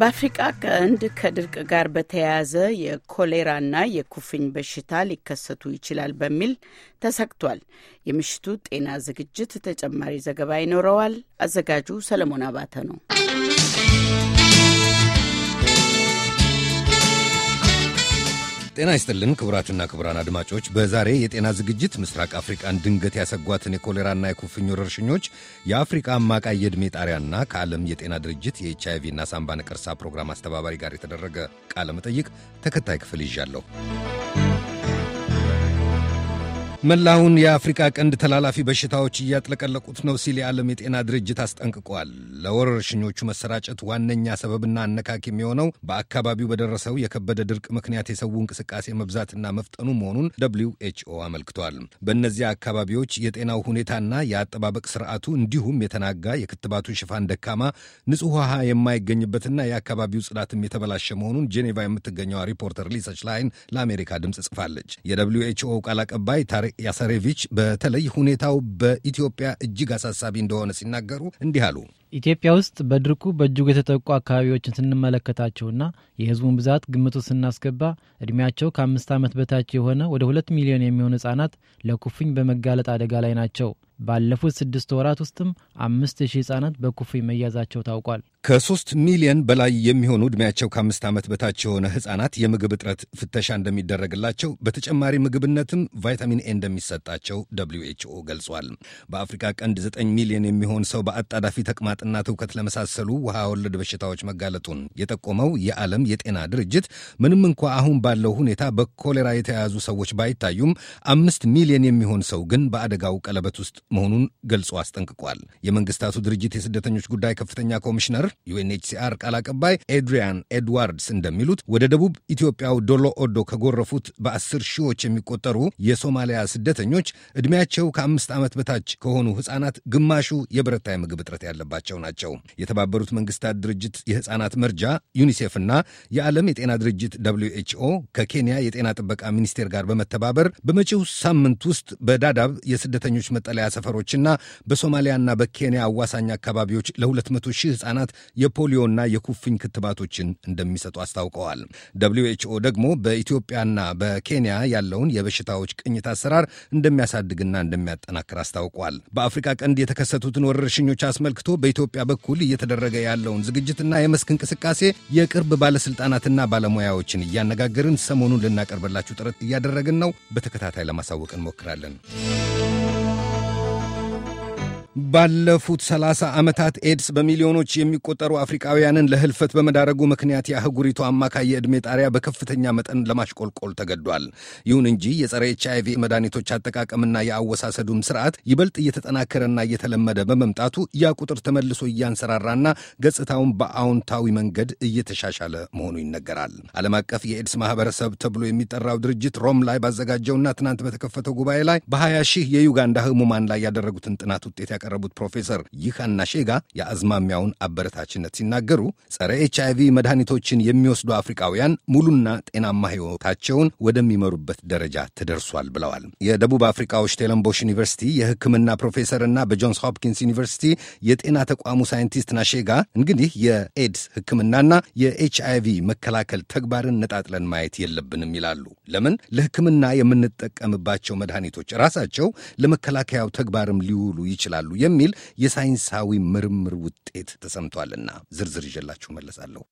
በአፍሪቃ ቀንድ ከድርቅ ጋር በተያያዘ የኮሌራና የኩፍኝ በሽታ ሊከሰቱ ይችላል በሚል ተሰግቷል። የምሽቱ ጤና ዝግጅት ተጨማሪ ዘገባ ይኖረዋል። አዘጋጁ ሰለሞን አባተ ነው። ጤና ይስጥልን ክቡራትና ክቡራን አድማጮች፣ በዛሬ የጤና ዝግጅት ምስራቅ አፍሪቃን ድንገት ያሰጓትን የኮሌራና የኩፍኝ ወረርሽኞች፣ የአፍሪቃ አማካይ የዕድሜ ጣሪያና ከዓለም የጤና ድርጅት የኤች አይቪና ሳምባ ነቀርሳ ፕሮግራም አስተባባሪ ጋር የተደረገ ቃለ መጠይቅ ተከታይ ክፍል ይዣለሁ። መላውን የአፍሪቃ ቀንድ ተላላፊ በሽታዎች እያጥለቀለቁት ነው ሲል የዓለም የጤና ድርጅት አስጠንቅቋል። ለወረርሽኞቹ መሰራጨት ዋነኛ ሰበብና አነካክ የሚሆነው በአካባቢው በደረሰው የከበደ ድርቅ ምክንያት የሰው እንቅስቃሴ መብዛትና መፍጠኑ መሆኑን ደብሊው ኤችኦ አመልክቷል። በእነዚያ አካባቢዎች የጤናው ሁኔታና የአጠባበቅ ስርዓቱ እንዲሁም የተናጋ የክትባቱ ሽፋን ደካማ፣ ንጹህ ውሃ የማይገኝበትና የአካባቢው ጽዳትም የተበላሸ መሆኑን ጄኔቫ የምትገኘዋ ሪፖርተር ሊሰች ላይን ለአሜሪካ ድምፅ ጽፋለች። የደብሊው ኤች ቃል አቀባይ ታሪ ያሰሬቪች በተለይ ሁኔታው በኢትዮጵያ እጅግ አሳሳቢ እንደሆነ ሲናገሩ እንዲህ አሉ። ኢትዮጵያ ውስጥ በድርቁ በእጅጉ የተጠቁ አካባቢዎችን ስንመለከታቸውና የህዝቡን ብዛት ግምቱ ስናስገባ እድሜያቸው ከአምስት ዓመት በታች የሆነ ወደ ሁለት ሚሊዮን የሚሆኑ ህጻናት ለኩፍኝ በመጋለጥ አደጋ ላይ ናቸው። ባለፉት ስድስት ወራት ውስጥም አምስት ሺህ ህጻናት በኩፍኝ መያዛቸው ታውቋል። ከሶስት ሚሊዮን በላይ የሚሆኑ ዕድሜያቸው ከአምስት ዓመት በታች የሆነ ህጻናት የምግብ እጥረት ፍተሻ እንደሚደረግላቸው በተጨማሪ ምግብነትም ቫይታሚን ኤ እንደሚሰጣቸው ደብሊው ኤች ኦ ገልጿል። በአፍሪካ ቀንድ ዘጠኝ ሚሊዮን የሚሆን ሰው በአጣዳፊ ተቅማጥ ተቅማጥና ትውከት ለመሳሰሉ ውሃ ወለድ በሽታዎች መጋለጡን የጠቆመው የዓለም የጤና ድርጅት ምንም እንኳ አሁን ባለው ሁኔታ በኮሌራ የተያያዙ ሰዎች ባይታዩም አምስት ሚሊዮን የሚሆን ሰው ግን በአደጋው ቀለበት ውስጥ መሆኑን ገልጾ አስጠንቅቋል። የመንግስታቱ ድርጅት የስደተኞች ጉዳይ ከፍተኛ ኮሚሽነር ዩኤንኤችሲአር ቃል አቀባይ ኤድሪያን ኤድዋርድስ እንደሚሉት ወደ ደቡብ ኢትዮጵያው ዶሎ ኦዶ ከጎረፉት በአስር ሺዎች የሚቆጠሩ የሶማሊያ ስደተኞች ዕድሜያቸው ከአምስት ዓመት በታች ከሆኑ ሕፃናት ግማሹ የበረታ የምግብ እጥረት ያለባቸው ያላቸው ናቸው። የተባበሩት መንግስታት ድርጅት የህፃናት መርጃ ዩኒሴፍ እና የዓለም የጤና ድርጅት ደብሊው ኤችኦ ከኬንያ የጤና ጥበቃ ሚኒስቴር ጋር በመተባበር በመጪው ሳምንት ውስጥ በዳዳብ የስደተኞች መጠለያ ሰፈሮችና በሶማሊያና በኬንያ አዋሳኝ አካባቢዎች ለ200 ሺህ ህጻናት የፖሊዮና የኩፍኝ ክትባቶችን እንደሚሰጡ አስታውቀዋል። ደብሊው ኤችኦ ደግሞ በኢትዮጵያና በኬንያ ያለውን የበሽታዎች ቅኝት አሰራር እንደሚያሳድግና እንደሚያጠናክር አስታውቋል። በአፍሪካ ቀንድ የተከሰቱትን ወረርሽኞች አስመልክቶ በኢትዮ በኢትዮጵያ በኩል እየተደረገ ያለውን ዝግጅትና የመስክ እንቅስቃሴ የቅርብ ባለሥልጣናትና ባለሙያዎችን እያነጋገርን ሰሞኑን ልናቀርብላችሁ ጥረት እያደረግን ነው። በተከታታይ ለማሳወቅ እንሞክራለን። ባለፉት ሰላሳ ዓመታት ኤድስ በሚሊዮኖች የሚቆጠሩ አፍሪካውያንን ለህልፈት በመዳረጉ ምክንያት የአህጉሪቱ አማካይ የዕድሜ ጣሪያ በከፍተኛ መጠን ለማሽቆልቆል ተገዷል። ይሁን እንጂ የጸረ ኤች ቪ መድኃኒቶች አጠቃቀምና የአወሳሰዱም ስርዓት ይበልጥ እየተጠናከረና እየተለመደ በመምጣቱ ያ ቁጥር ተመልሶ እያንሰራራና ገጽታውን በአዎንታዊ መንገድ እየተሻሻለ መሆኑ ይነገራል። ዓለም አቀፍ የኤድስ ማህበረሰብ ተብሎ የሚጠራው ድርጅት ሮም ላይ ባዘጋጀውና ትናንት በተከፈተው ጉባኤ ላይ በ20 ሺህ የዩጋንዳ ህሙማን ላይ ያደረጉትን ጥናት ውጤት ያቀረቡት ፕሮፌሰር ይህአና ሼጋ የአዝማሚያውን አበረታችነት ሲናገሩ ጸረ ኤች አይቪ መድኃኒቶችን የሚወስዱ አፍሪካውያን ሙሉና ጤናማ ህይወታቸውን ወደሚመሩበት ደረጃ ተደርሷል ብለዋል። የደቡብ አፍሪካው ሽቴለንቦሽ ዩኒቨርሲቲ የህክምና ፕሮፌሰርና በጆንስ ሆፕኪንስ ዩኒቨርሲቲ የጤና ተቋሙ ሳይንቲስት ናሼጋ እንግዲህ የኤድስ ሕክምናና የኤች ቪ መከላከል ተግባርን ነጣጥለን ማየት የለብንም ይላሉ። ለምን ለህክምና የምንጠቀምባቸው መድኃኒቶች ራሳቸው ለመከላከያው ተግባርም ሊውሉ ይችላሉ ይችላሉ የሚል የሳይንሳዊ ምርምር ውጤት ተሰምቷልና ዝርዝር ይዤላችሁ መለሳለሁ።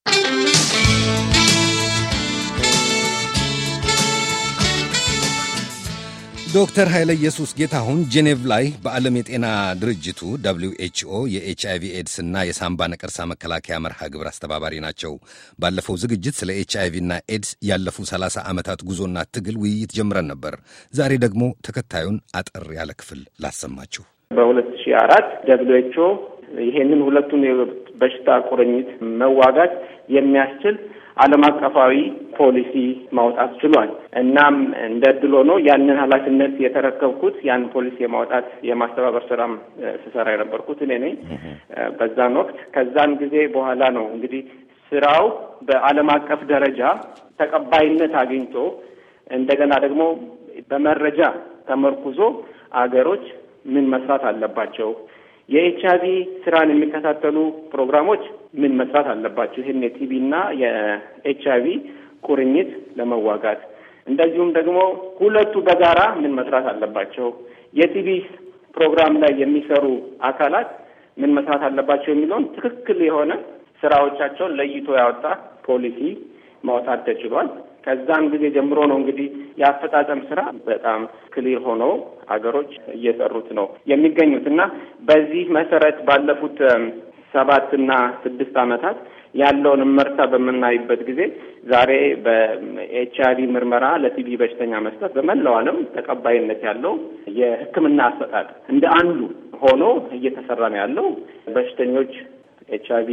ዶክተር ኃይለ ኢየሱስ ጌታሁን ጄኔቭ ላይ በዓለም የጤና ድርጅቱ ደብሊው ኤችኦ የኤች አይቪ እና የሳምባ ነቀርሳ መከላከያ መርሃ ግብር አስተባባሪ ናቸው። ባለፈው ዝግጅት ስለ ኤች አይቪና ኤድስ ያለፉ 30 ዓመታት ጉዞና ትግል ውይይት ጀምረን ነበር። ዛሬ ደግሞ ተከታዩን አጠር ያለ ክፍል ላሰማችሁ። በ2015 ሺ አራት ደብሊው ኤች ኦ ይሄንን ሁለቱን በሽታ ቁርኝት መዋጋት የሚያስችል ዓለም አቀፋዊ ፖሊሲ ማውጣት ችሏል። እናም እንደ እድል ሆኖ ያንን ኃላፊነት የተረከብኩት ያን ፖሊሲ የማውጣት የማስተባበር ስራም ስሰራ የነበርኩት እኔ ነኝ በዛን ወቅት። ከዛን ጊዜ በኋላ ነው እንግዲህ ስራው በዓለም አቀፍ ደረጃ ተቀባይነት አግኝቶ እንደገና ደግሞ በመረጃ ተመርኩዞ አገሮች ምን መስራት አለባቸው? የኤች አይቪ ስራን የሚከታተሉ ፕሮግራሞች ምን መስራት አለባቸው? ይህን የቲቪ እና የኤች አይቪ ቁርኝት ለመዋጋት እንደዚሁም ደግሞ ሁለቱ በጋራ ምን መስራት አለባቸው? የቲቪ ፕሮግራም ላይ የሚሰሩ አካላት ምን መስራት አለባቸው የሚለውን ትክክል የሆነ ስራዎቻቸውን ለይቶ ያወጣ ፖሊሲ ማውጣት ተችሏል። ከዛም ጊዜ ጀምሮ ነው እንግዲህ የአፈጻጸም ስራ በጣም ክሊር ሆኖ ሀገሮች እየሰሩት ነው የሚገኙት እና በዚህ መሰረት ባለፉት ሰባት እና ስድስት አመታት ያለውን እመርታ በምናይበት ጊዜ ዛሬ በኤች አይቪ ምርመራ ለቲቪ በሽተኛ መስጠት በመላው ዓለም ተቀባይነት ያለው የሕክምና አሰጣጥ እንደ አንዱ ሆኖ እየተሰራ ነው ያለው። በሽተኞች ኤች አይቪ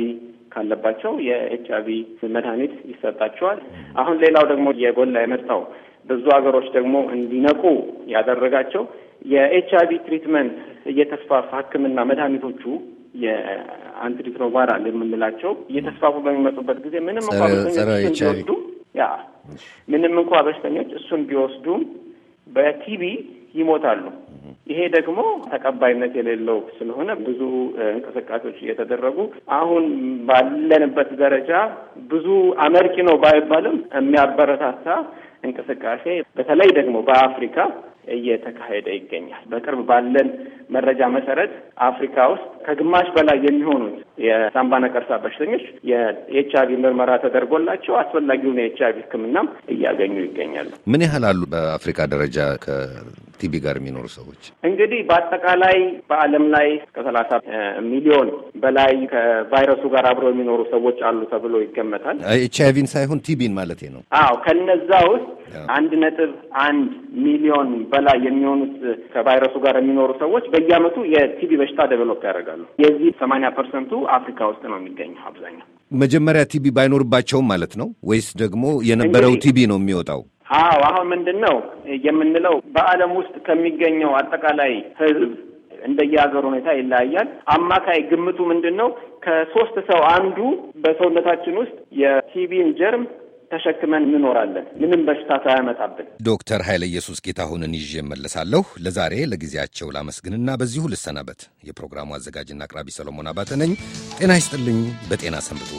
ካለባቸው የኤች አይቪ መድኃኒት ይሰጣቸዋል። አሁን ሌላው ደግሞ የጎላ የመጣው ብዙ ሀገሮች ደግሞ እንዲነቁ ያደረጋቸው የኤች አይቪ ትሪትመንት እየተስፋፋ ሕክምና መድኃኒቶቹ የአንትሪትሮቫራል የምንላቸው እየተስፋፉ በሚመጡበት ጊዜ ምንም እንኳ በሽተኞች ቢወስዱ ያ ምንም እንኳ በሽተኞች እሱን ቢወስዱም በቲቪ ይሞታሉ። ይሄ ደግሞ ተቀባይነት የሌለው ስለሆነ ብዙ እንቅስቃሴዎች እየተደረጉ አሁን ባለንበት ደረጃ ብዙ አመርቂ ነው ባይባልም የሚያበረታታ እንቅስቃሴ በተለይ ደግሞ በአፍሪካ እየተካሄደ ይገኛል። በቅርብ ባለን መረጃ መሰረት አፍሪካ ውስጥ ከግማሽ በላይ የሚሆኑት የሳምባ ነቀርሳ በሽተኞች የኤች አይቪ ምርመራ ተደርጎላቸው አስፈላጊውን የኤች አይቪ ሕክምናም እያገኙ ይገኛሉ። ምን ያህል አሉ? በአፍሪካ ደረጃ ከቲቢ ጋር የሚኖሩ ሰዎች እንግዲህ በአጠቃላይ በዓለም ላይ ከሰላሳ ሚሊዮን በላይ ከቫይረሱ ጋር አብረው የሚኖሩ ሰዎች አሉ ተብሎ ይገመታል። ኤች አይቪን ሳይሆን ቲቢን ማለት ነው። አዎ ከነዛ ውስጥ አንድ ነጥብ አንድ ሚሊዮን በላይ የሚሆኑት ከቫይረሱ ጋር የሚኖሩ ሰዎች በየአመቱ የቲቢ በሽታ ደቨሎፕ ያደርጋሉ። የዚህ ሰማንያ ፐርሰንቱ አፍሪካ ውስጥ ነው የሚገኘው አብዛኛው። መጀመሪያ ቲቢ ባይኖርባቸውም ማለት ነው ወይስ ደግሞ የነበረው ቲቢ ነው የሚወጣው? አዎ አሁን ምንድን ነው የምንለው በዓለም ውስጥ ከሚገኘው አጠቃላይ ህዝብ እንደየሀገር ሁኔታ ይለያያል። አማካይ ግምቱ ምንድን ነው? ከሶስት ሰው አንዱ በሰውነታችን ውስጥ የቲቢን ጀርም ተሸክመን እንኖራለን። ምንም በሽታ ሳያመጣብን። ዶክተር ኃይለ ኢየሱስ ጌታሁንን ይዤ እመለሳለሁ። ለዛሬ ለጊዜያቸው ላመስግንና በዚሁ ልሰናበት። የፕሮግራሙ አዘጋጅና አቅራቢ ሰሎሞን አባተ ነኝ። ጤና ይስጥልኝ። በጤና ሰንብቱ።